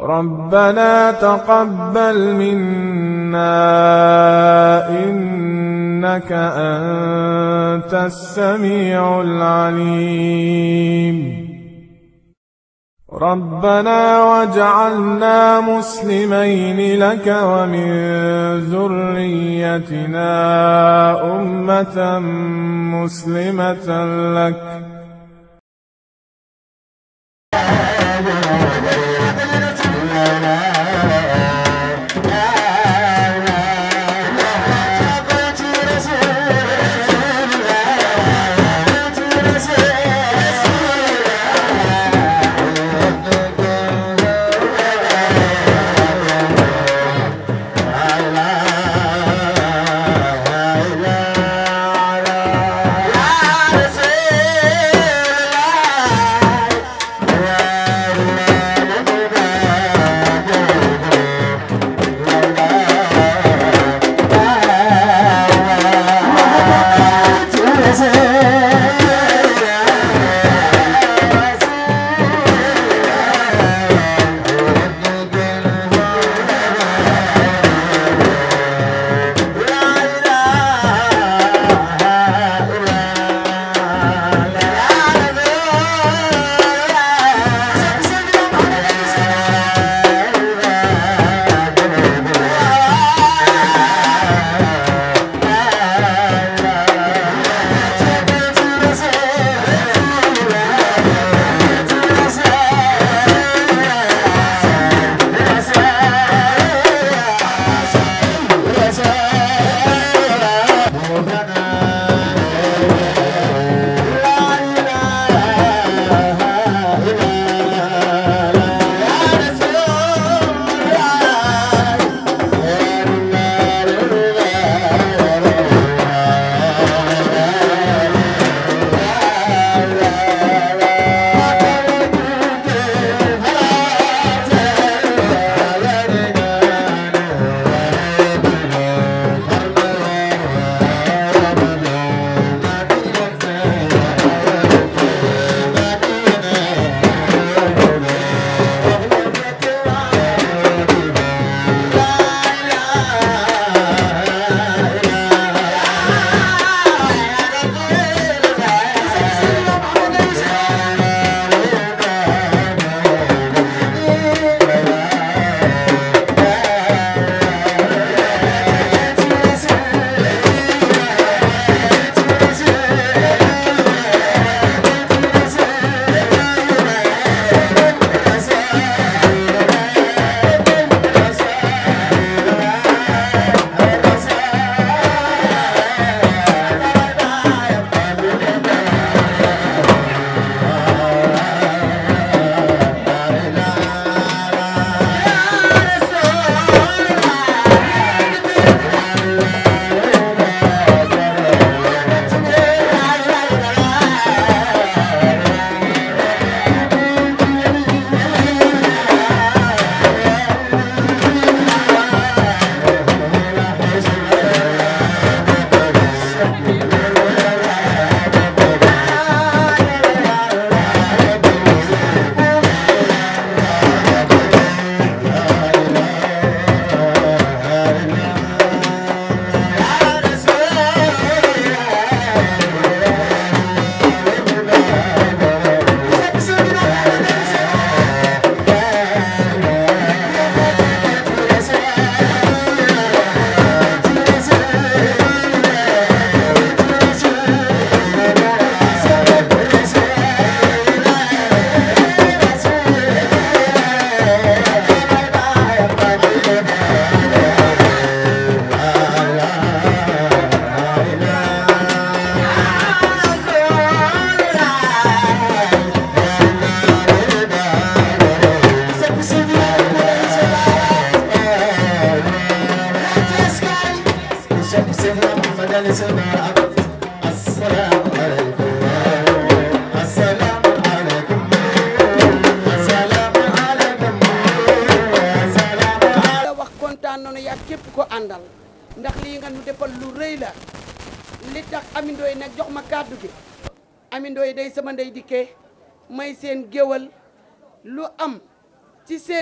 ربنا تقبل منا إنك أنت السميع العليم ربنا واجعلنا مسلمين لك ومن ذريتنا أمة مسلمة لك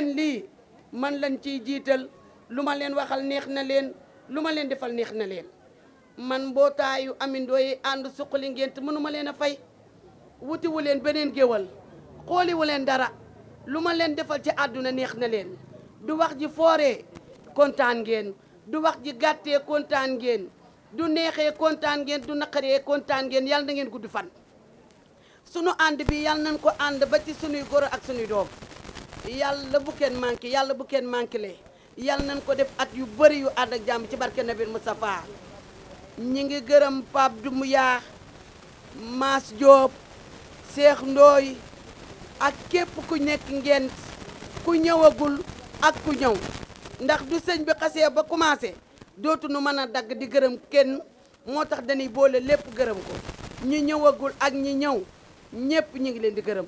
lii man lañ ciy jiital lu ma leen waxal neex na leen lu ma leen defal neex na leen man mbootaayu amindoo ànd suqali ngént mënuma leen a fay wutiwu leen beneen géwal xooliwu leen dara lu ma leen defal ci àdduna neex na leen du wax ji fooree kontaan ngeen du wax ji gàttee kontaan ngeen du neexee kontaan ngeen du naqaree kontaan ngeen yàlla na ngeen gudd fan sunu ànd bi yàlla nañ ko ànd ba ci sunuy goro ak sunuy doom yàlla bu kenn manqué yàlla bu kenn manqué le yàlla nañ ko def at yu bëri yu ànd ak jàmm ci barke Nabil Moustapha ñi ngi gërëm mu yaax Mass Diop seex Ndoy ak képp ku nekk ngent ku ñëwagul ak ku ñëw ndax du sëñ bi xasee ba commencé dootu nu mën a dagg di gërëm kenn moo tax dañuy boole lépp gërëm ko ñi ñëwagul ak ñi ñëw ñëpp ñu ngi leen di gërëm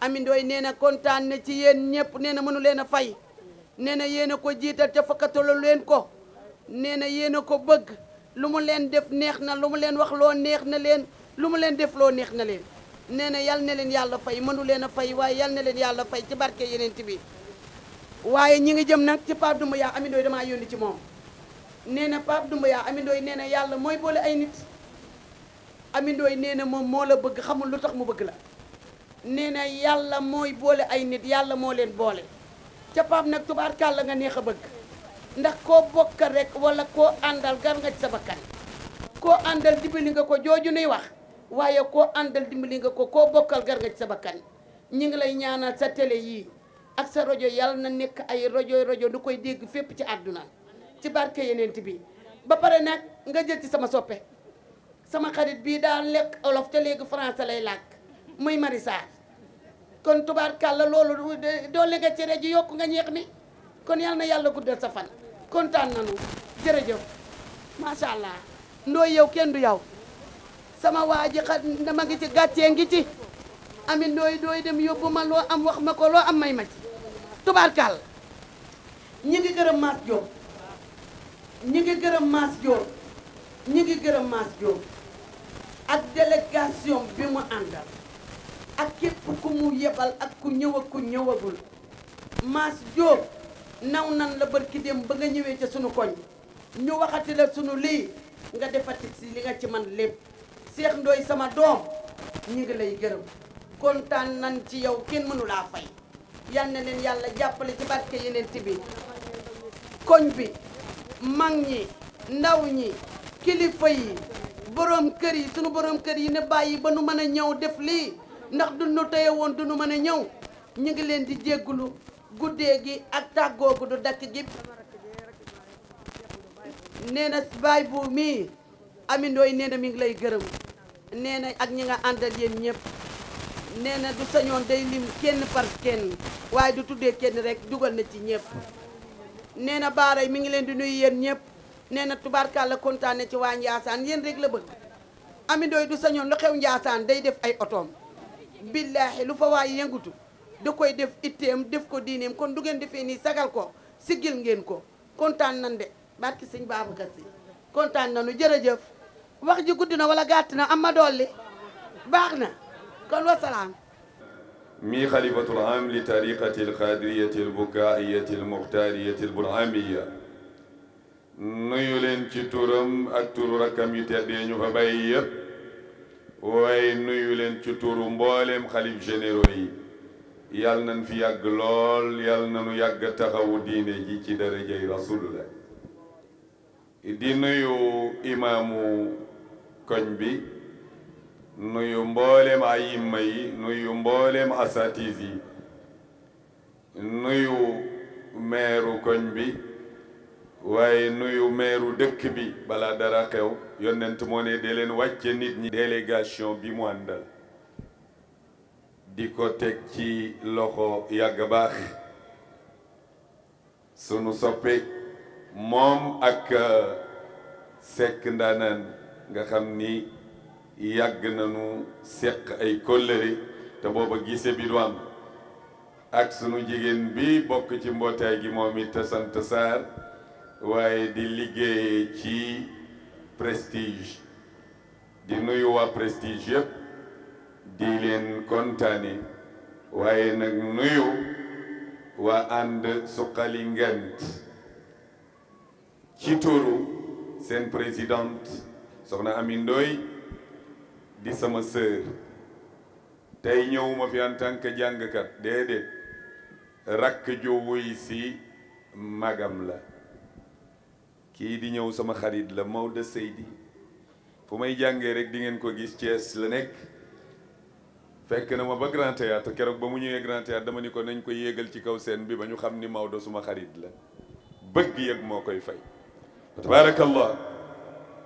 Ami Ndoye nee na kontaan na ci yéen ñëpp nee na mënu leen a fay nee na yéen a ko jiital ca fakkatalu leen ko nee na yéen a ko bëgg lu mu leen def neex na lu mu leen wax loo neex na leen lu mu leen def loo neex na leen nee na yal na leen yàlla fay mënu leen a fay waaye yal na leen yàlla fay ci barke yeneen bi waaye ñi ngi jëm nag ci Pape Doumbia Ami Ndoye damaa yónni ci moom nee na Pape Doumbia Ami Ndoye nee na yàlla mooy boole ay nit Ami Ndoye nee na moom moo la bëgg xamul lu tax mu bëgg la nee yàlla mooy boole ay nit yàlla moo leen boole ca pam nag la nga neex a bëgg ndax koo bokk rek wala koo àndal gar sa bakkan koo àndal li nga ko jooju nuy wax waaye koo àndal dimbali nga ko koo bokkal gar sa bakkan ñu ngi lay ñaanal sa tele yii ak sa rajo yàlla na nekk ay rajo rajo du koy dégg fépp ci àdduna ci barke yeneen bi ba pare nag nga jël ci sama soppe sama xarit bii daal lekk olof ca léegi français lay laaj muy marisaar kon tubaarkàlla loolu doo nga cere ji yokk nga ñeex mi kon yal na yàlla guddal sa fan kontaan nanu jërëjëf macha allah ndooy yow kenn du yow sama waa ji xa dama ngi ci gàccee ngi ci amit ndooy dooy dem yóbbu ma loo am wax ma ko loo am may ma ci tubaarkàlla ñi ngi ñi ngi gërëm mas jóob ñi ngi gërëm maas jóob ak délégation bi mu àndal ak képp ku mu yebal ak ku ñëw ak ku ñëwagul mas Diop naw nan la ki dem ba nga ñëwee ca sunu koñ ñu waxati la sunu lii nga defati si li nga ci man lépp Cheikh Ndoye sama doom ñu ngi lay gërëm kontaan nan ci yow kenn mënu laa fay leen yàlla jàppale ci barke yeneen bi koñ bi mag ñi ndaw ñi kilifa yi borom kër yi sunu boroom kër yi ne bàyyi ba nu mën a ñëw def lii ndax du nu teye woon du nu mën a ñëw ñu ngi leen di jéggulu guddee gi ak tàggoo gu du dakk gi nee na baay bu mii amindooy nee mi ngi lay gërëm nee na ak ñi nga àndal yéen ñëpp nee na du sañoon day lim kenn par kenn waaye du tuddee kenn rek dugal na ci ñëpp nee na baaray mi ngi leen di nuyu yéen ñëpp nee na tubaarkàlla kontaan na ci waa Njaasaan yéen rek la bëgg amindooy du sañoon lu xew Njaasaan day def ay otoom بالله لو فوا ينغوتو دوكاي ديف ايتيم ديف كو دينيم كون دوغن ديفي ني ساغال كو سيغيل نين كو كونتان نان دي باركي سيغ بابو كاسي كونتان نانو جيرهجف واخ جي ولا غاتنا اما دولي باخنا كون والسلام مي خليفه العام لطريقه القادريه البكائيه المختاريه البرعاميه نيو لين سي تورم اك تورو waaye nuyu leen ci turu mbooleem xalif généraux yi yàlla nañ fi yàgg lool na nañu yàgg taxawu diine ji ci darajay rasulullah di nuyu imaamu koñ bi nuyu mbooleem ayimma yi nuyu mbooleem asatis yi nuyu meeru koñ bi waaye nuyu meeru dëkk bi balaa dara xew yonent moo ne dee leen wàcce nit ñi délégation bi mu àndal di ko teg ci loxo yàgg baax sunu soppe moom ak euh, sekk ndaanaan nga xam ni yàgg nañu seq ay kóllëre te booba gise bi du am ak sunu jigéen bi bokk ci mbootaay gi moom it te sant Saar waaye di liggéey ci prestige di nuyu waa prestige yëpp di leen kontaane waaye nag nuyu waa ànd suqali ngent ci turu seen présidente soxna Ami Ndoye di sama sœur tey ñëwuma fi en tant que jàngkat déedéet rakk ju wuy si magam la kii di ñëw sama xarit la Maodo Seydi fu may jàngee rek di ngeen ko gis Thiès la nekk fekk na ma ba Grand Théâtre keroog ba mu ñëwee Grand Théâtre dama ni ko nañ ko yéegal ci kaw seen bi ba ñu xam ni Maodo suma xarit la bëgg yëg moo koy fay tabaarakallah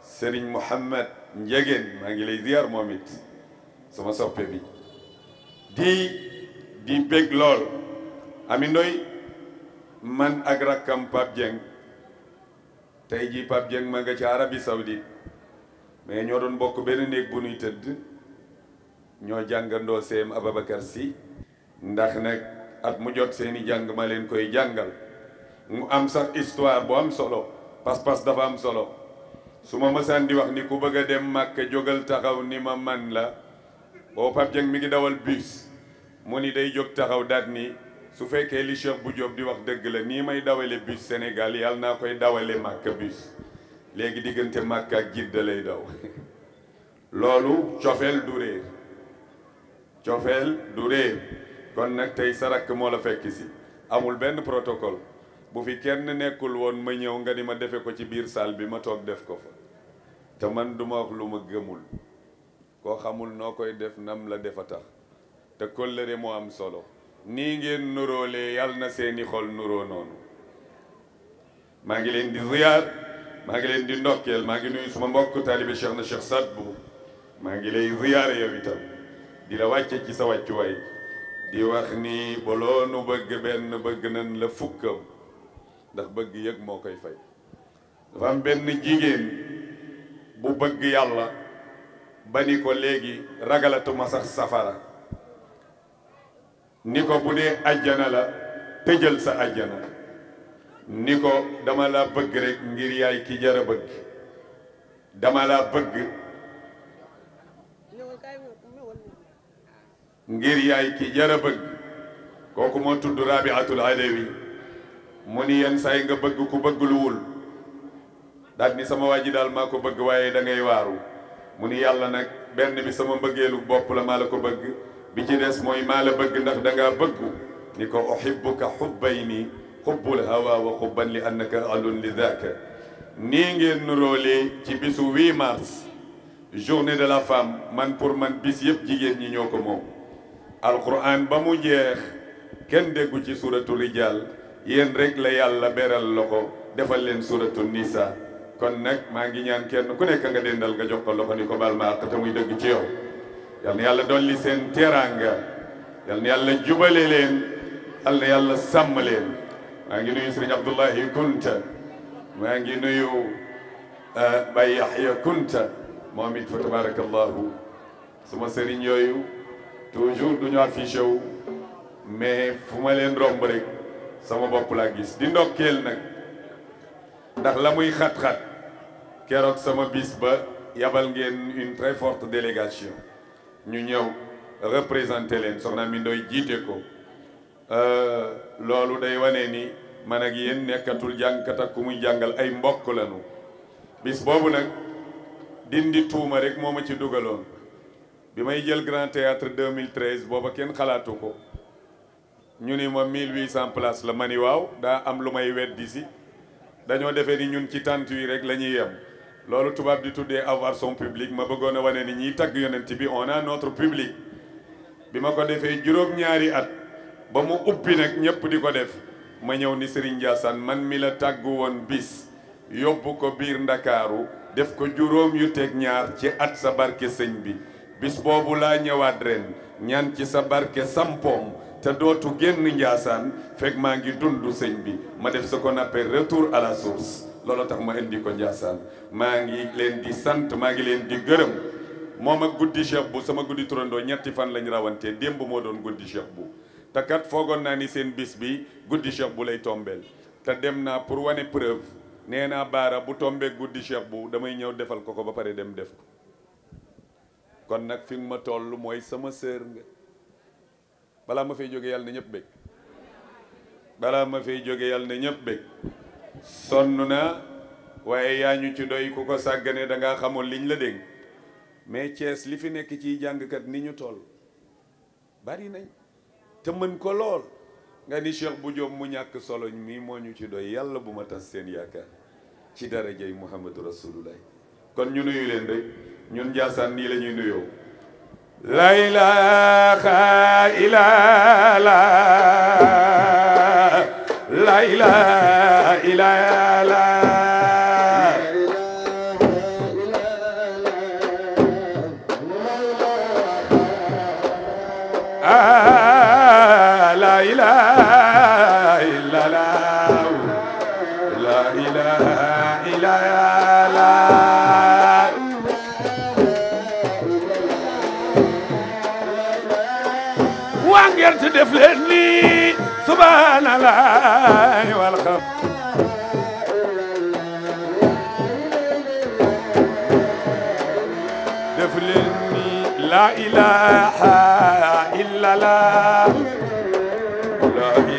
Serigne Mouhamed Ndiéguène maa ngi lay ziar moom it sama soppe bi di di bég lool ami ndoy man ak rakkam Pape Dieng tey jii Pape Dieng ma nga ci Arabie Saoudite mais ñoo doon bokk benn néeg bu ñuy tëdd ñoo jàngandoo seem Ababacar si ndax nag at mu jot seeni jàng ma leen koy jàngal mu am sax histoire boo am solo pas-pas dafa am solo su ma mësaan di wax ni ku bëgg a dem màkk jógal taxaw ni ma man la boo Pape Dieng mi ngi dawal bus mu ni day jóg taxaw daat ni su fekkee li bu Diop di wax dëgg la nii may dawale bus senegal yàlla naa koy dawale Màkka bus léegi diggante Màkka ak Jidda lay daw loolu cofeel du réer cofeel du réer kon nag tey sa rakk moo la fekk si amul benn protocole bu fi kenn nekkul woon ma ñëw nga ni ma defe ko ci biir saal bi ma toog def ko fa te man duma wax lu ma gëmul koo xamul noo koy def nam la defa tax te kóllëre moo am solo nii ngeen nuróolee yàlla na seeni xol nuroo noonu maa ngi leen di ziyaar maa ngi leen di ndokkeel maa ngi nuyu suma mbokk taalibe Cheikh na Cheikh Sadbu maa ngi lay ziyaare yow itam di la wàcce ci sa wàccuwaay di wax ni boloonu bëgg benn bëgg nañ la fukkam ndax bëgg yëg moo koy fay dafa am benn jigéen bu bëgg yàlla ba ni ko léegi ragalatuma sax safara ni ko bu dee ajjana la tëjal sa ajjana ni ko dama la bëgg rek ngir yaay ki jara bëgg dama la bëgg ngir yaay ki jara bëgg kooku moo tudd rabiatul adawi mu ni yenn saay nga bëgg ku bëgg lu wul daal ni sama waa ji daal maa ko bëgg waaye da waaru mu ni yàlla nag benn bi sama mbëggeelu bopp la maa la ko bëgg bi ci des mooy maa la bëgg ndax da ngaa bëggu ni ko uhibbuka hubbayni hubbul hawa wa hubban li naka alun li dhaka nii ngeen nuróolee ci bisu 8 mars journée de la femme man pour man bis yëpp jigéen ñi ñoo ko moom alquran ba mu jeex kenn déggu ci suratu rijal yéen rek la yàlla beral loxo defal leen suratu nisa kon nag maa ngi ñaan kenn ku nekk nga dendal nga jox ko loxo ni ko baal ma àq te muy dëgg ci yow yal na yàlla dolli seen teraanga yal na yàlla jubale na yàlla sàmm leen maa ngi nuyu sëriñ Abdullahi Kunta maa ngi nuyu eh, Baye Yahya Kunta moom it fa tabarakallahu suma sëriñ yooyu toujours du ñu affiché wu mais fu ma leen romb rek sama gis di ndokkeel nag ndax la muy xat-xat keroog sama bis ba yabal ngeen une très forte délégation ñu ñëw représenté leen soxna mi ndoy jiite ko euh, loolu day wane ni man ak yéen nekkatul jàngkat ak ku muy jàngal ay mbokk lañu bis boobu nag dindi tuuma rek moo ma ci dugaloon bi may jël Grand Théâtre 2013 booba kenn xalaatu ko ñu ni ma 1800 place la ma ni waaw daa am lu may weddi si dañoo defe ni ñun ci tànt yi rek la ñuy yem loolu tubaab di tuddee avoir son public ma bëggoon a wane ni ñiy tagg yonent bi on a notre public bi ma ko defee juróom-ñaari at ba mu ubbi nag ñëpp di ko def ma ñëw ni Serigne Ndiassane man mi la tàggu woon bis yóbbu ko biir ndakaaru def ko juróom yu teg ñaar ci at sa barke sëñ bi bis boobu laa ñëwaat ren ñaan ci sa barke sampoom te dootu génn Ndiassane fekk maa ngi dund sëñ bi ma def ce qu'on appelle retour à la source looloo tax ma indi ko Ndiassane maa ngi leen di sant maa ngi leen di gërëm moom ak guddi Cheikh bu sama guddi turandoo ñetti fan lañu rawante démb moo doon guddi Cheikh bu te foogoon naa ni seen bis bi guddi Cheikh bu lay tombeel te dem naa pour wane preuve nee naa baara bu tombee guddi Cheikh bu damay ñëw defal ko ko ba pare dem def ko kon nag fi ma toll mooy sama sœur nga balaa ma fay jóge yàlla na ñëpp bég balaa ma fa jóge yàlla na ñëpp bég sonn na waaye yaa ñu ci doy ku ko sàggane da nga xamul liñ la dégg mais Thiès li fi nekk ci jàngkat ni ñu tool bari nañ te mën ko lool nga ni Cheikh bu Joom mu ñàkk soloñ mii moo ñu ci doy yàlla bu ma tas seen yaakaar ci darajay Muhammadu Rasulullah kon ñu nuyu leen rek ñun Njaasaan nii lañuy ñuy nuyoo la ilaha illa la ilaha illa الماء والخمر دفلني لا إله إلا لا لا إله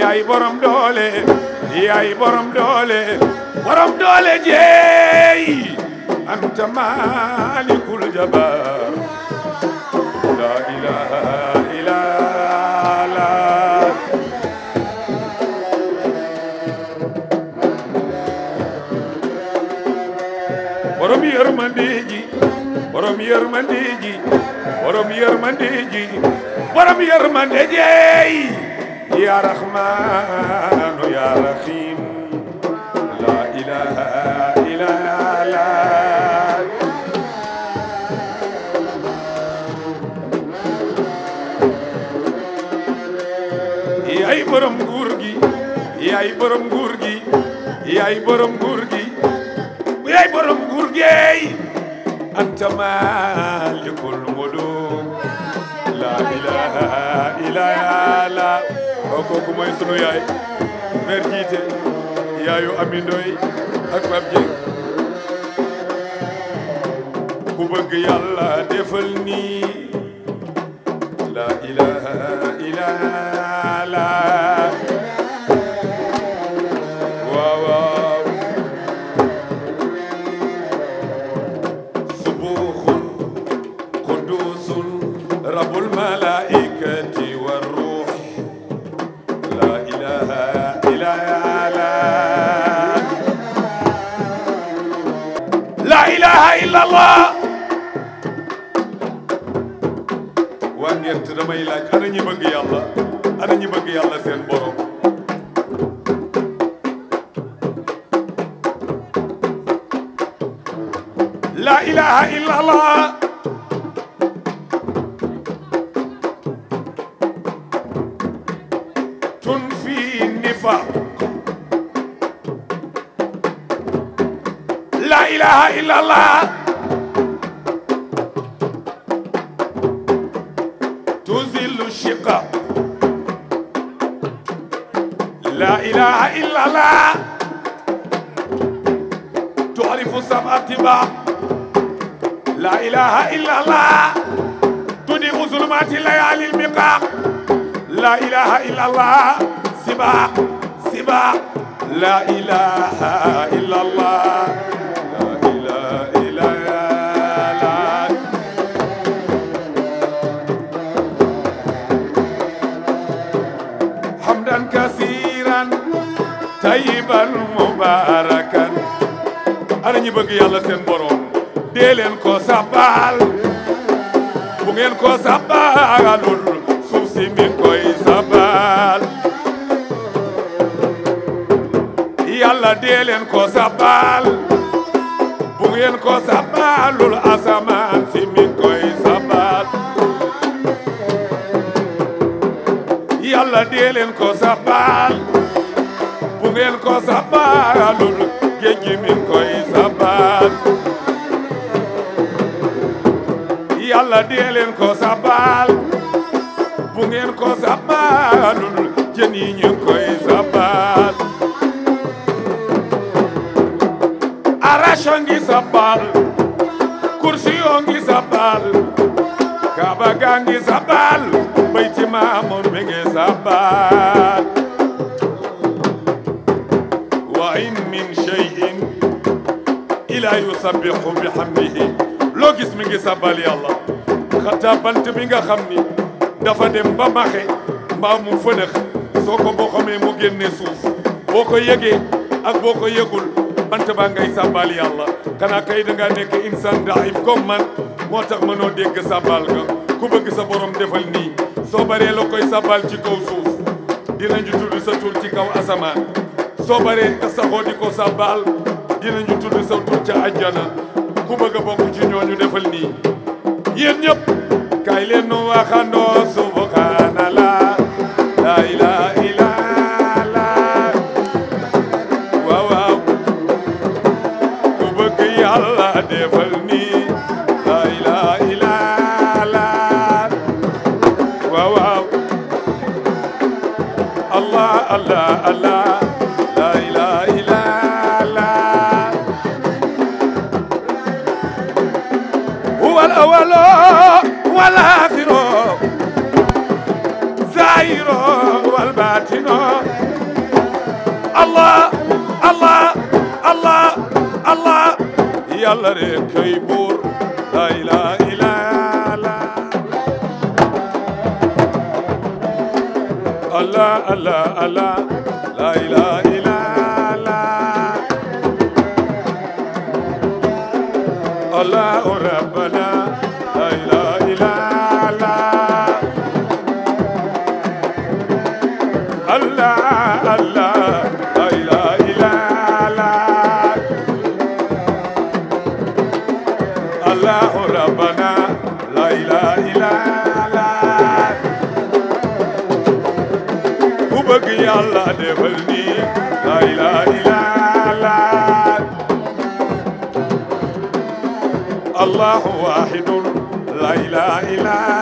yaay borom doole yaay borom doole borom doole jeey anta malikul jabar la ilaha borom yërmande ji borom yërmande ji borom yërmande ji borom yërmande ji يا رحمن يا رحيم لا إله إلا الله yaay borom nguur gi yaay borom nguur gi yaay borom nguur gi yaay borom nguur geey anta malikul muluk la ilaha illa allah waaw kooku mooy sunu jiite yaayu amindooy ak Pape Dieng ku bëgg yàlla defal nii la ilaha ilaha illallah waa ngent damay laaj ana ñi bëgg yàlla géej gi koy sabal yàlla dee leen ko sabal bu ngeen sabalul jën yi koy sabal arasho ngi sabal kursiyo ngi sabal kaaba ga ngi sabal bayti maamu sabal illa yusabbihu bihamdihi loo gis mi ngi sabbal yàlla xataa bant bi nga xam ni dafa dem ba maxe mbaa mu fënëx soo ko boo xamee mu génne suuf boo ko yëgee ak boo ko yëgul bant baa ngay sabbal yàlla xanaa kay da ngaa nekk insan daif comme man moo tax mënoo dégg sabbal ga ku bëgg sa borom defal nii soo baree la koy sabbal ci kaw suuf dinañu tudd sa tur ci kaw asamaan soo baree nga saxoo di ko sabbal dinañu tudd sa tur ca àjjana ku bëgg a bokk ci ñooñu defal nii yéen ñëpp kaay leen nu waxandoo are kay la ilaha illa la allah allah la ilaha illa la الله دبلني لا واحد لا إله إلا الله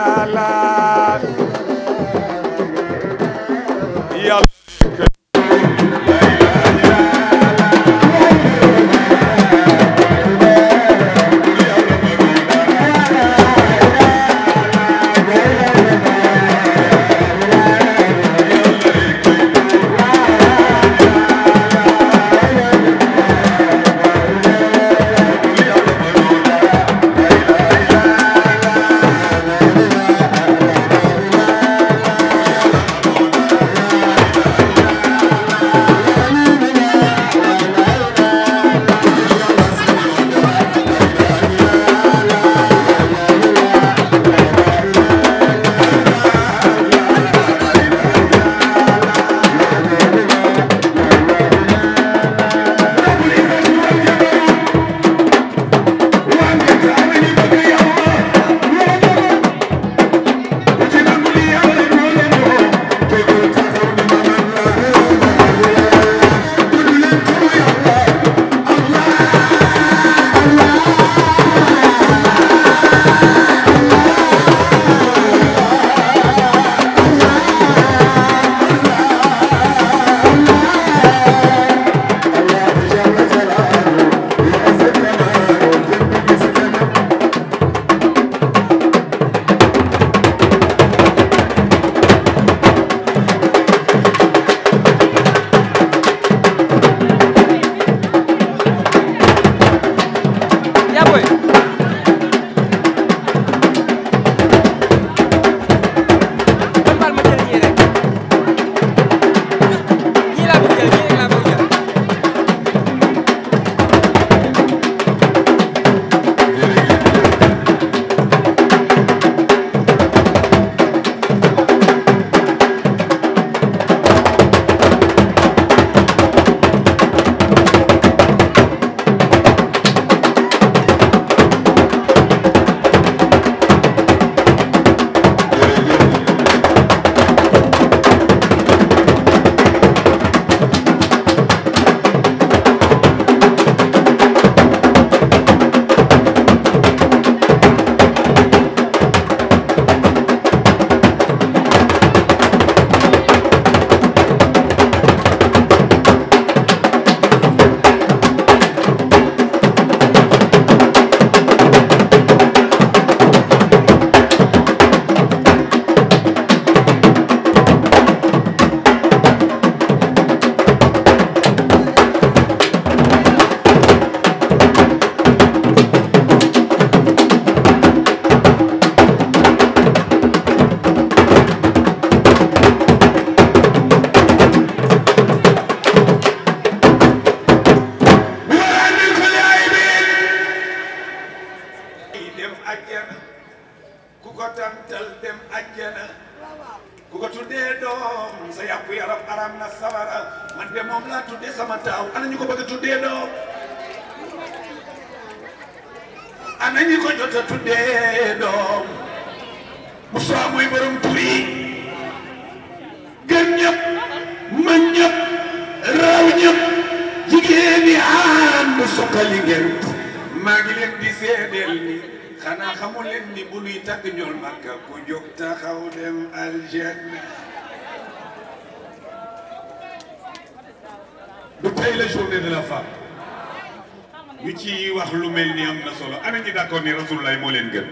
mel ni am na solo ana ñi d'accord ni rasulullah moo leen gën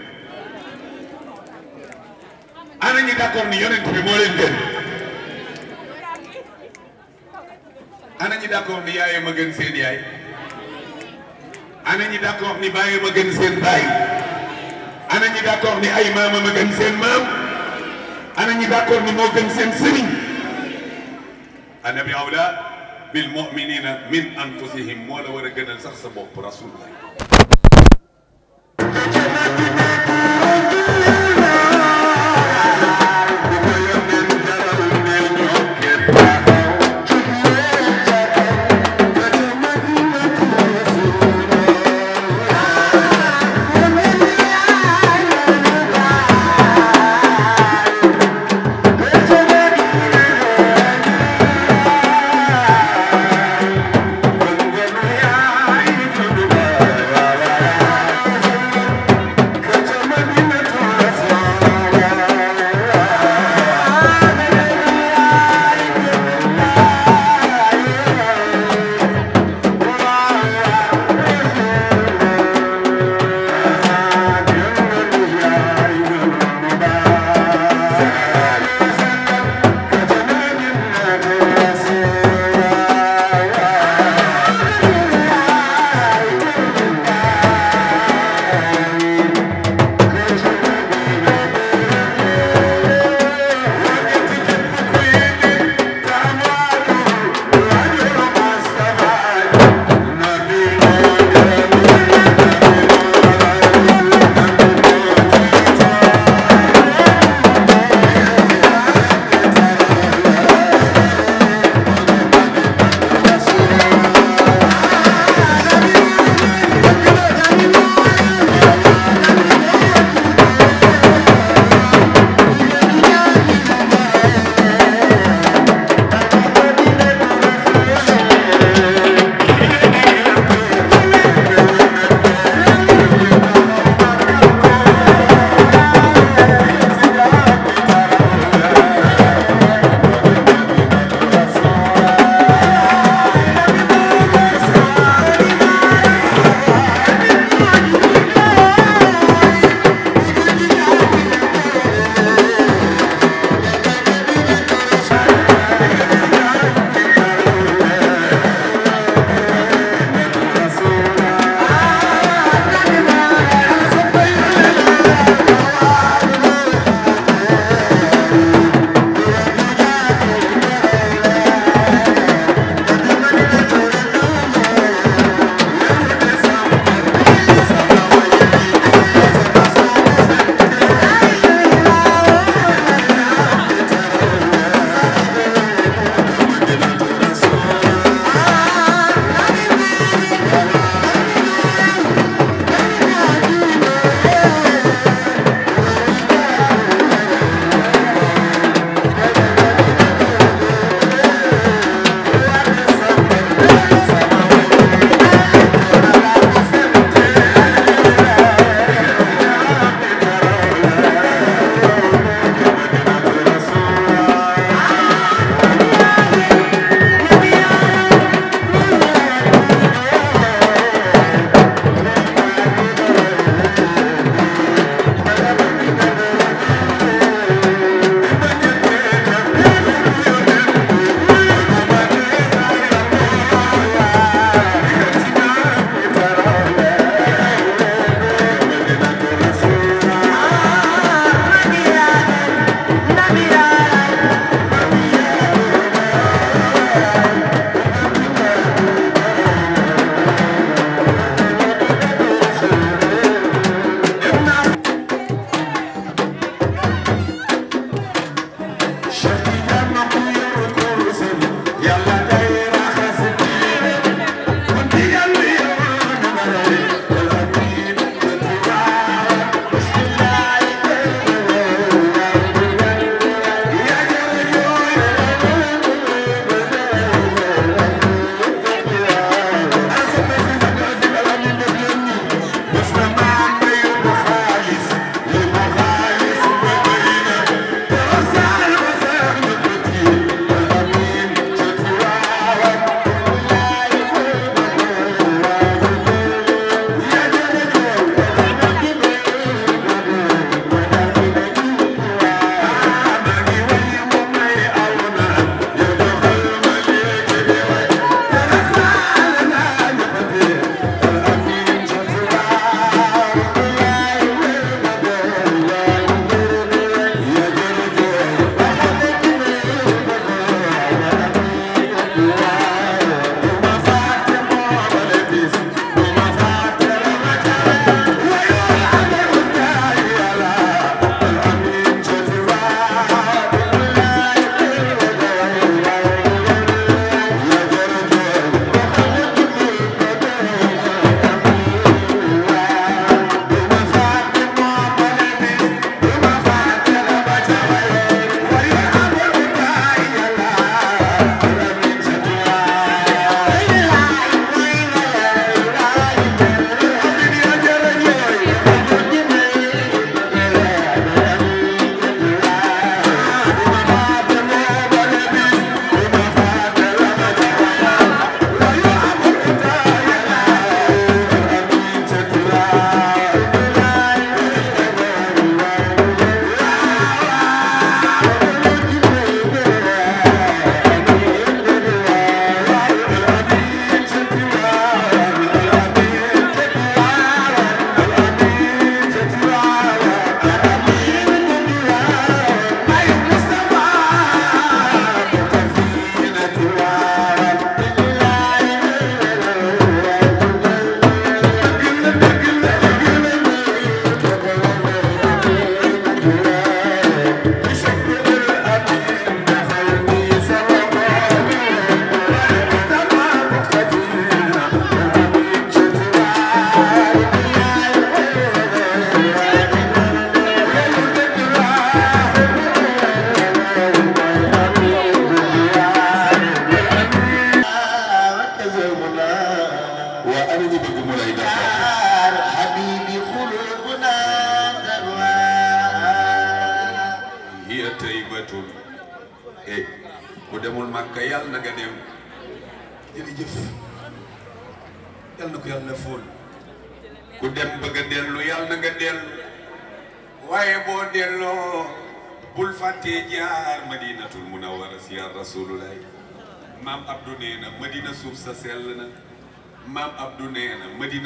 ana ñi d'accord ni yonent bi moo leen gën ana ñi d'accord ni yaayam a gën seen yaay ana ñi d'accord ni baayam a gën seen baay ana ñi d'accord ni ay maamam a gën seen maam ana ñi d'accord ni moo gën seen sëriñ ana bi awla bil mu'minina min anfusihim moo la war a gënal sax sa bopp rasulullah Thank you.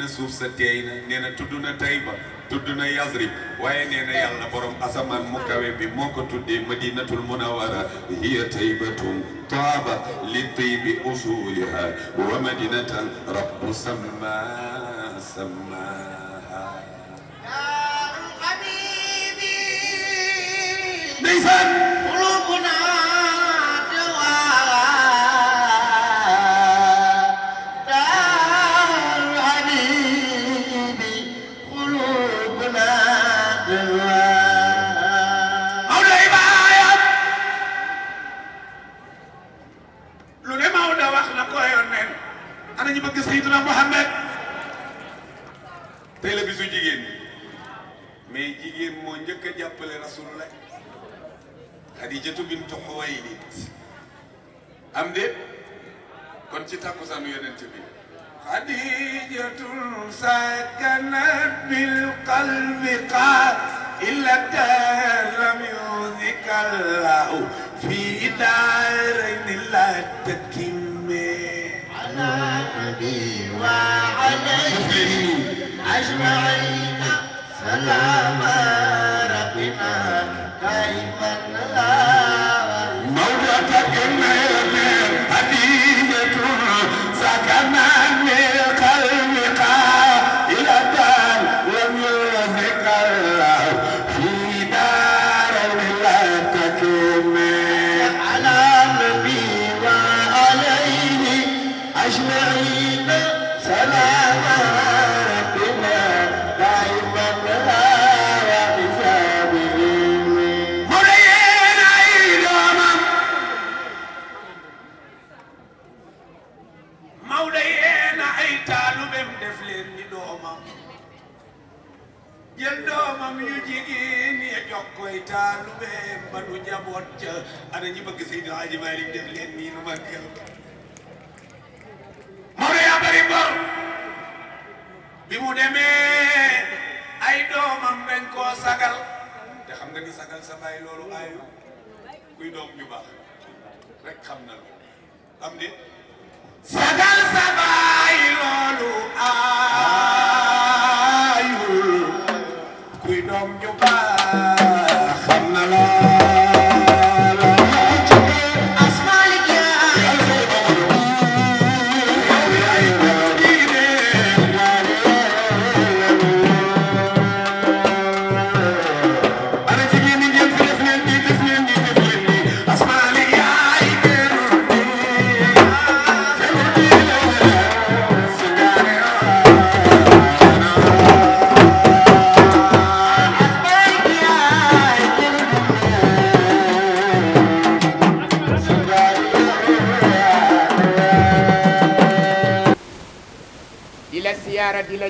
na suuf sa teey na nee na tudd na Tayba tudd na Yasrib waaye nee na yàlla borom asamaan mu kawe bi moo ko tuddee madinatul munawara hiya taybatun taaba li tibi usuliha wa madinatan rabbu samma samma ndeysaan خديجة بنت خويلد أم دي كنت تاكوزانو يننتبي خديجة سكنت بالقلب قال إلا الدهر لم يوزك الله في دارين لا تكمي على أبي وعلى أجمعين أجمعين سلام ربنا takkal sa baay loolu aayu kuy doom ju baax rek xam na lu am nit sagal sa baay loolu aayu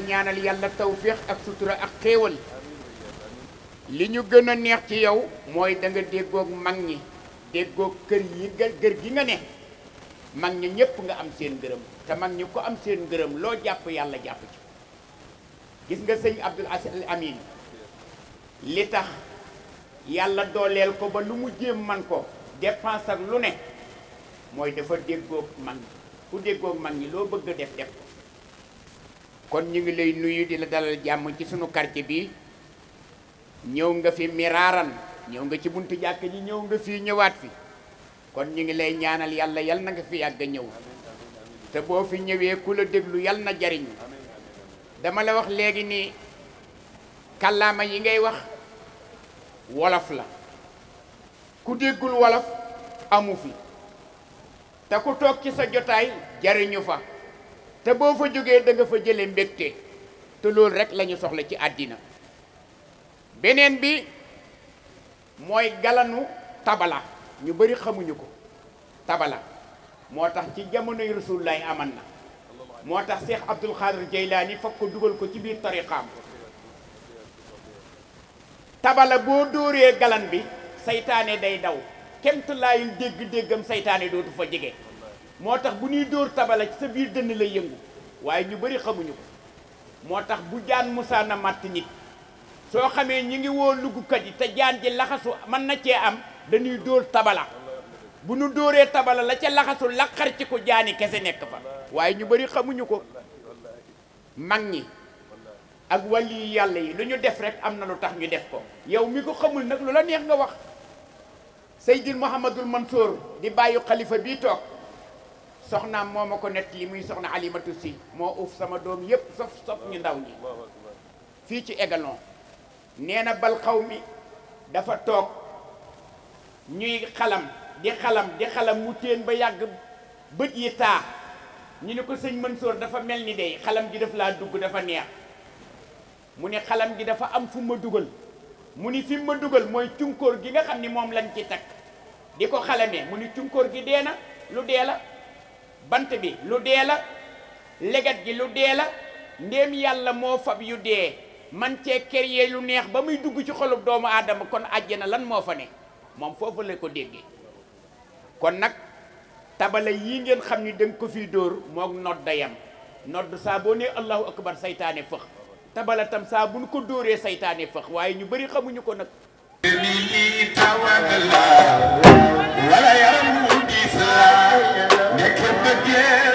ñaanal yàlla tawféex ak sutura ak xéewal li ñu gën a neex ci yow mooy da nga déggoog mag ñi déggoog kër yi nga kër gi nga ne mag ñi ñépp nga am seen ngërëm te mag ñi ko am seen ngërëm loo jàpp yàlla jàpp ci gis nga sëñ Abdul Aziz Amin li tax yàlla dooleel ko ba lu mu jéem man ko dépense ak lu ne mooy dafa déggoog mag ñi ku déggoog mag ñi loo bëgg a def def kon ñu ngi lay nuyu di la dalal jàmm ci sunu quartier bi ñëw nga fi miraaran ñëw nga ci buntu jàkk ñi ñëw nga fii ñëwaat fi kon ñu ngi lay ñaanal yàlla yal na nga fi yàgg ñëw te boo fi ñëwee ku la déglu yal na jariñ dama la wax léegi ni kàllaama yi ngay wax wolof la ku déggul wolof amu fi te ku toog ci sa jotaay jariñu fa te boo fa jógee danga fa jële mbégte te loolu rek lañu soxla ci àddina beneen bi mooy galanu tabala ñu bëri xamuñu ko tabala moo tax ci jamonoy lay aman na moo tax Cheikh Abdul Xaadir Jeylaani fokk ko dugal ko ci biir tariqaam tabala boo dóoree galan bi seytaane day daw kemtulaayu dégg-déggam seytaane dootu fa jege moo tax bu ñuy dóor tabala ci sa biir dënn lay yëngu waaye ñu bari xamuñu ko moo tax bu jaan musaa na màtt nit soo xamee ñu ngi woo luggukat yi te jaan ji laxasu man na cee am dañuy dóor tabala bu ñu dóoree tabala la ca laxasu laqar ci ko jaani kese nekk fa waaye ñu bari xamuñu ko mag ñi ak wàlli yàlla yi lu ñu def rek am na lu tax ñu def ko yow mi ko xamul nag lu la neex nga wax Seydil man Mansour di bàyyi xalifa bii toog soxnaam moom ma ko nett li muy soxna alimatu si moo uf sama doom yépp sof sof ñu ndaw ñi fii ci égalon nee na bal mi dafa toog ñuy xalam di xalam di xalam mu téen ba yàgg bët yi taa ñu ni ko sëñ Mansoor dafa mel ni day xalam gi daf laa dugg dafa neex mu ne xalam gi dafa am fu ma dugal mu ni fi ma dugal mooy cunkóor gi nga xam ni moom lañ ci takk di ko xalamee mu ni cunkóor gi dee na lu dee la bant bi lu dee la leget gi lu dee la ndéem yàlla moo fab yu dee man cee créer lu neex ba muy dugg ci xolub doomu aadama kon àjjana lan moo fa ne moom foofu la ko déggee kon nag tabala yi ngeen xam ni danga ko fiy dóor moo nodd da yam nodd saa boo nee allahu akbar seytaane fëx tabala tam saa bu ko dóoree seytaane fëx waaye ñu bari xamuñu ko nag yeah.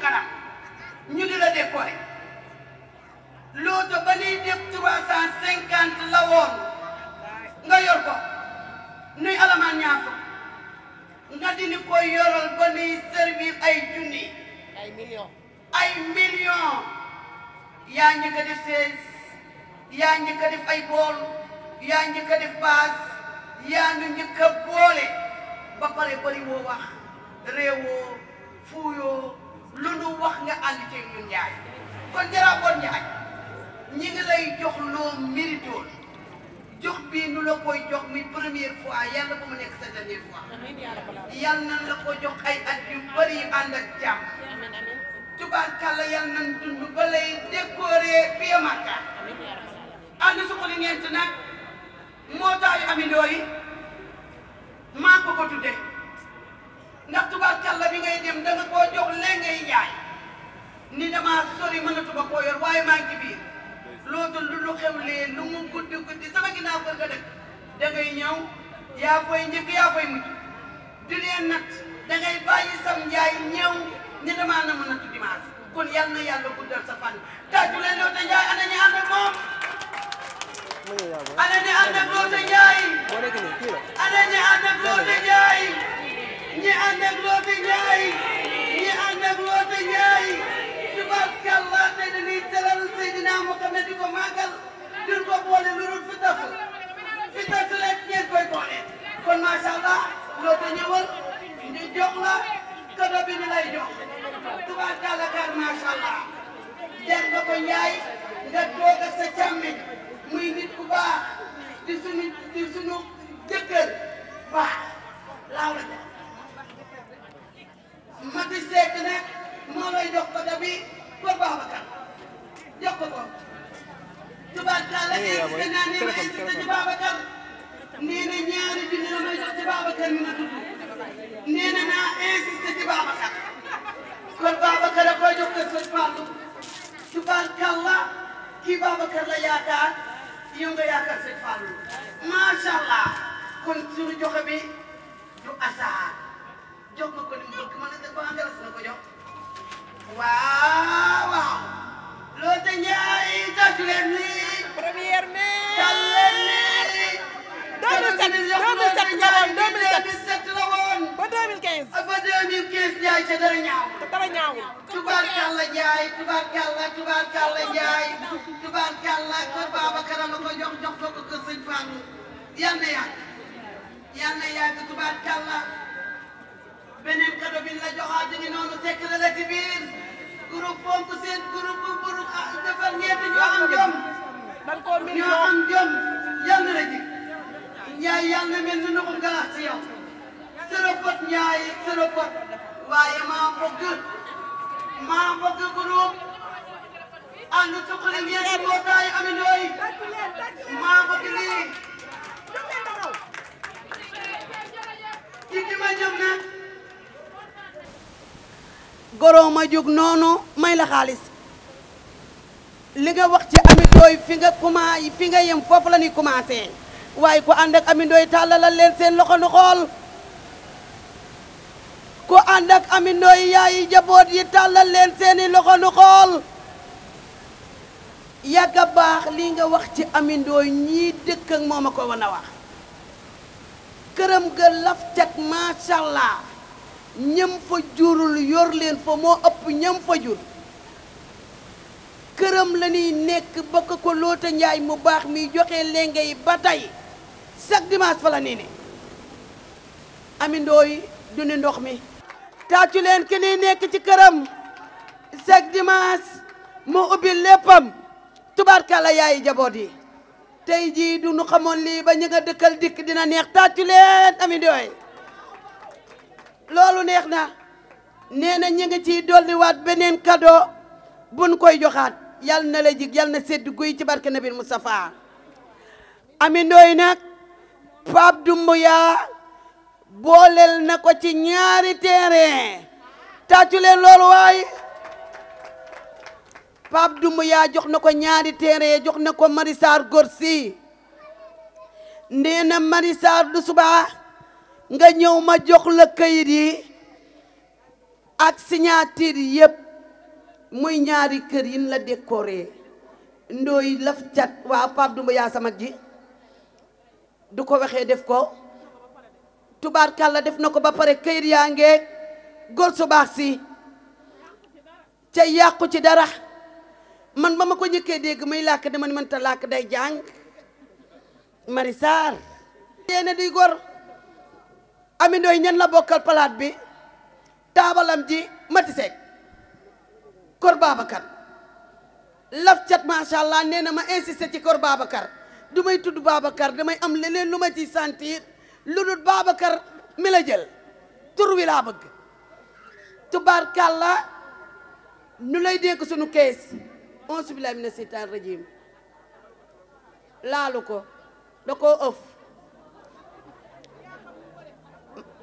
kanam ñu di la décoré loota ba nuy def trois cent cinquante la woon nga yor ko nuy alamaan ñaar fukk nga dini ko yoral ba nuy servir ay junni ay million yaa njëkk a def sees yaa njëkk a def ay bool yaa njëkk a def baas yaa nu njëkk a boole ba pare bari woo wax réewoo fuuyoo lu nu wax nga ànd ceeg ñun ñaar kon jaraakoon ñaar ñi ngi lay jox loo méritoon jox bii nu la koy jox muy première fois yàlla ba mu nekk sa dernière fois yàlla nan la ko jox ay at yu bëri yu ànd ak jàmm tubaarkàlla yàlla nan dund ba lay décoré bie màkka ànd suqali ngent nag moo tax yu amindoo maa ko ko tudde ndax tubaarkàlla bi ngay dem da koo jox lee ngay jaay ni damaa sori mënatuma koo yor waaye maa ngi ci biir loolu lu lu guddi guddi sama ginnaaw kër ga dëkk da ngay ñëw yaa koy njëkk yaa koy mujj di leen natt da ngay sam njaay ñëw ni damaa na mën a tuddi maas kon yal na yàlla guddal sa fan tàccu leen loo te njaay ana ñu ànd moom ana ñu ànd ak loo ñi ànd ak Rote Ndiaye ñi ànd ak Rote Ndiaye tubaarkalla tey dañuy di ko màggal duñ ko boole lu dul fi taf fi taf koy boole kon macha allah Rote jox la kado bi ni lay jox tubaarkalla kar macha allah jar nga ko Ndiaye nga toog sa càmmiñ muy nit ku baax di sunu jëkkër baax laaw la Mati Seck nag moo lay jox ko dabi pour Babacar jox ko ko. Eh, ci Babacar nee na ñaari junni la may jox ci Babacar na naa insisté ci Babacar kon Babacar a koy jox ko sëñ kii Babacar la yaakaar yow nga yaakaar sëñ Fallou macha allah kon bi du asaar. jox ma ko ni mu bëgg ma ne ko Andreas na ko la ba te dara ñaaw tubaar kàlla Ndiaye tubaar kàlla tubaar kàlla Ndiaye tubaar kàlla kër Babacar la ko jox jox ko yal na yàgg yal na yàgg tubaar kàlla beneen kado bi la joxaat ngi noonu fekk na la ci biir groupe fonk seen groupe bu bu ah, defar ñebe ñoo am jom. ñoo jom yal na la ji. yal na mel ni nu ko galax ci yow. sërë pot waaye maa bëgg maa bëgg groupe. ànd suqali ngeen mbootaay amandoo yi maa bëgg lii. ci ki ma jëm nag. goro jóg noonu may la xaalis li nga wax ci amindooy fi nga kuma fi nga yem foofu la ñuy commencé waaye ku ànd ak amindooy tàllalal leen seen loxo nu xool ku ànd ak amindooy yaayi jaboot yi tàllal leen seeni loxo nu xool yàgg a baax li nga wax ci amindooy ñii dëkk ak moom a ko wan a wax këram ga laf cat macha ñam fa jurul yor leen fa moo ëpp ñam fa jur këram la ñuy nekk bokk ko loota njaay mu baax mi joxe lenge ba tey chaque dimanche fa la nii ne amindoo yi ndox mi tàccu leen ki ni nekk ci këram chaque dimanche mu ubbi léppam tubaarkàlla yaayi jaboot yi tey ji du nu xamoon lii ba ñu nga dëkkal dikk dina neex tàccu leen loolu neex na nee na ñu ngi ciy dolliwaat beneen cadeau buñ koy joxaat yal na la jig yal na sedd guy ci barke nabil Moustapha ami ndooy nag Pape Doumbouya booleel na ko ci ñaari terrain tàccu leen loolu waaye Pape Doumbouya jox na ko ñaari terrain jox na ko Marisar Gorsi nee na Marisar nga ñëw ma jox la kayit yi ak signature yëpp muy ñaari kër yin la décoré ndooy laf cat waa Pape Dumba yaa sama ji du ko waxee def ko tubaarkàlla def na ko ba pare kayit yaa ngee góor su si ca yàqu ci dara man ba ma ko njëkkee dégg muy làkk dama ni mënta làkk day jàng Mari Sarr duy góor amindooy ñan la bokkal palaat bi taabalam ji mati seek kor Babacar laf cat macha allah nee na ma insisté ci kor Babacar du may tudd Babacar damay am leneen lu ma ciy sentir lu dul Babacar mi la jël tur wi laa bëgg tubaarkàlla nu lay dénk sunu kees on subila mina seytaan rajim laalu ko da koo ëf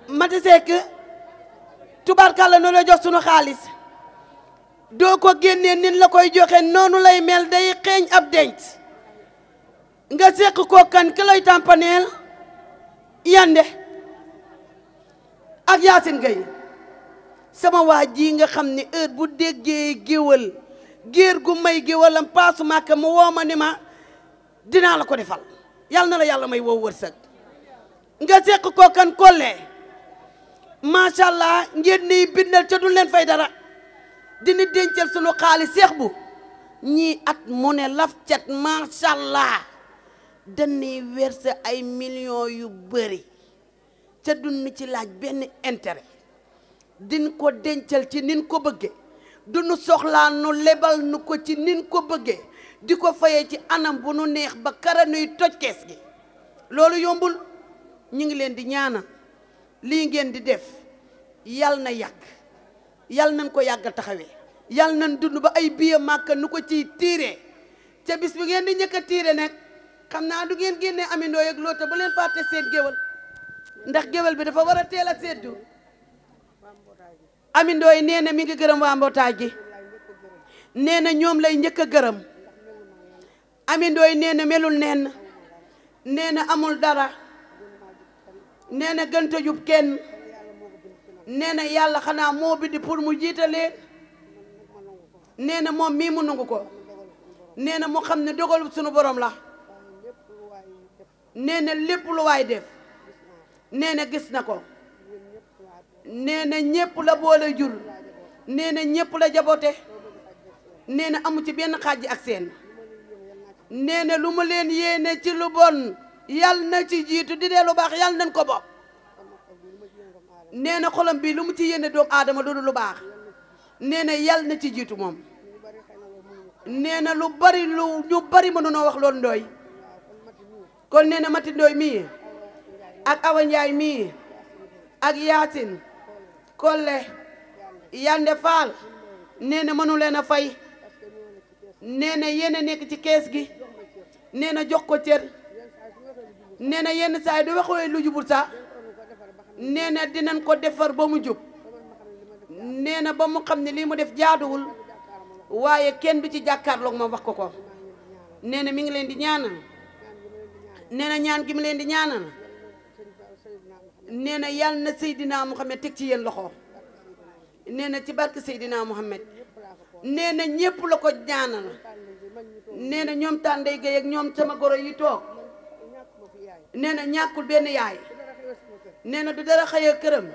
Mati Seck tubaarkàlla noonu la jox sunu xaalis doo ko génnee nin la koy joxe noonu lay mel day xeeñ ab denc nga seq koo kan ki lay tàmpaneel yande ak yaasin gay sama waa ji nga xam ne heure bu déggee géwal géer gu may géwalam paasu màkk mu woo ma ni ma dinaa la ko defal yàlla na la yàlla may woo wërsëg nga seq koo kan kollee macha allah ngeen nii bindal ca du leen fay dara dina dencal sunu xaalis seex bu ñii at mu ne laf cet macha allah dañuy verser ay miliyon yu bëri ca dun ci laaj benn intérêt din ko dencal ci nin ko bëggee du nu soxlaa lebal nu ko ci nin ko bëggee di ko fayee ci anam bu nu neex ba kara nuy toj kees gi loolu yombul ñu ngi leen di ñaana lii ngeen di def yal na yàgg yal nañ ko yàgg taxawee yal nañ dund ba ay biya màkk nu ko ciy tiiree ca bis bi ngeen di njëkk a tiire nag xam naa du ngeen génnee amindoo yeeg lool te ba leen fàtte seen géwal ndax géwal bi dafa war a teel a seddu amindoo yi na mi ngi gërëm waa mbootaay gi nee na ñoom lay njëkk a gërëm amindoo yi nee na melul neen nee amul dara nee na gën a kenn nee na yàlla xanaa moo bindi pour mu jiitalee nee na moom mii mu nangu ko nee na mu xam ne dogalu sunu borom la nee na lépp lu waay def nee gis na ko nee ñépp la boole jur nee ñépp la jaboote nee na amu ci benn xaaj ak seen nee na lu mu leen yéene ci lu bon yal na ci jiitu di dee lu baax yal nañ ko bopp nee na xolam lu mu ci yéene doomu aadama du lu baax nee na yal na ci jiitu moom nee na lu bari lu ñu bari mënunoo wax loolu ndooy kon nee na mati mii ak awa njaay mii ak yaasin kolle yande faal nee na mënu leen a fay nee na yéen nekk ci kees gi nee na jox ko cër nee na yenn saa yi du waxee lu jubul sax neena dinañ ko defar ba mu jub nee na ba mu xam ne lii mu def jaaduwul waaye kenn du ci jàkkaarloog ma wax ko ko nee na mi ngi leen di ñaanal nee na ñaan gi mu leen di ñaana nee na yàlla na Seydina Mouhamed teg ci yéen loxo nee na ci barke Seydina Mouhamed nee na ñépp la ko ñaanal nee na ñoom tànday gay ak ñoom sama goro yi toog nee na ñàkkul benn yaay nee na du dara xëy këram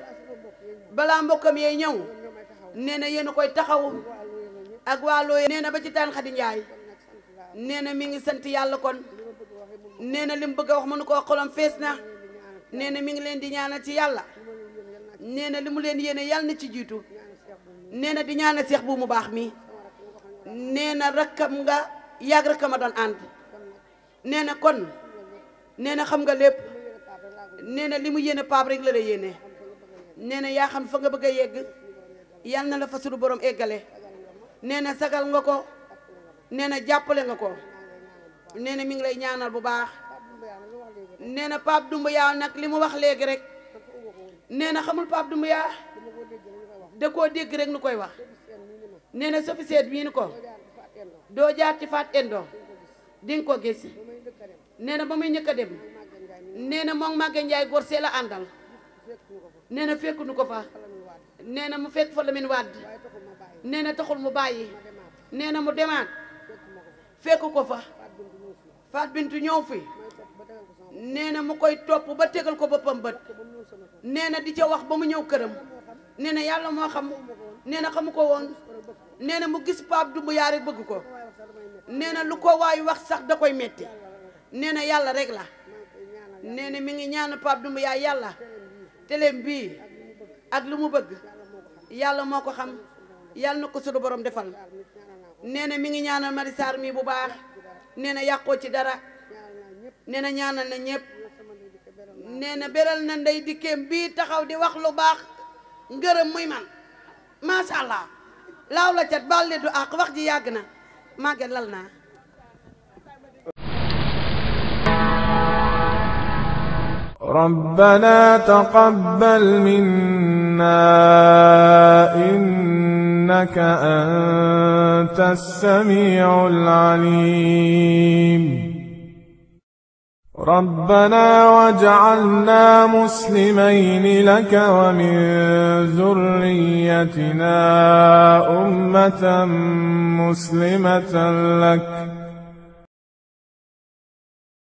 balaa mbokkam yee ñëw nee na yéen koy taxaw ak waa looyee nee na ba ci taan Xadi Njaay nee na mi ngi sant yàlla kon nee na li mu bëgg a wax mënu koo xolam fees na nee na mi ngi leen di ñaanal ci yàlla nee li mu leen yéene yàlla na ci jiitu nee na di ñaanal seex bu baax mi nee na rakkam nga yàgg rakkam a doon ànd nee kon nee na xam nga lépp nee na li mu yéene paab rek la la yéene nee na yaa xam fa nga bëgg a yegg yal na la fa sunu boroom eggale nee na sagal nga ko nee na jàppale nga ko nee na mi ngi lay ñaanal bu baax nee na paab dumb yaa nag li mu wax léegi rek nee na xamul paab dumb yaa da koo dégg rek nu koy wax nee na sofiseet wii ni ko doo jaar ci faat endo di nga ko gis nee na ba muy ñëkk a dem nee na moom Maguette Ndiaye góor see la àndal nee na fekk ko fa nee na mu fekk fa Lamine Wade nee na taxul mu bàyyi nee na mu demaat fekk ko fa Faat Bintu ñëw fi nee na mu koy topp ba tegal ko boppam bët nee na di ca wax ba mu ñëw këram nee yàlla moo xam nee na xamu ko woon nee mu gis Pape Dumbuya rek bëgg ko nee lu ko waay wax sax da koy metti nee na yàlla rek la nee mi ngi ñaan Pape Dumb yaay yàlla teleem bii ak lu mu bëgg yàlla moo ko xam yàlla na ko sunu borom defal nee na mi ngi ñaanal Mari Sarr mii bu baax nee na yàqoo ci dara nee na ñaanal na ñëpp nee na beral na ndey dikkeem bii taxaw di wax lu baax ngërëm muy man macha allah laaw la cat baal du àq wax ji yàgg na màgget lal naa ربنا تقبل منا إنك أنت السميع العليم ربنا واجعلنا مسلمين لك ومن ذريتنا أمة مسلمة لك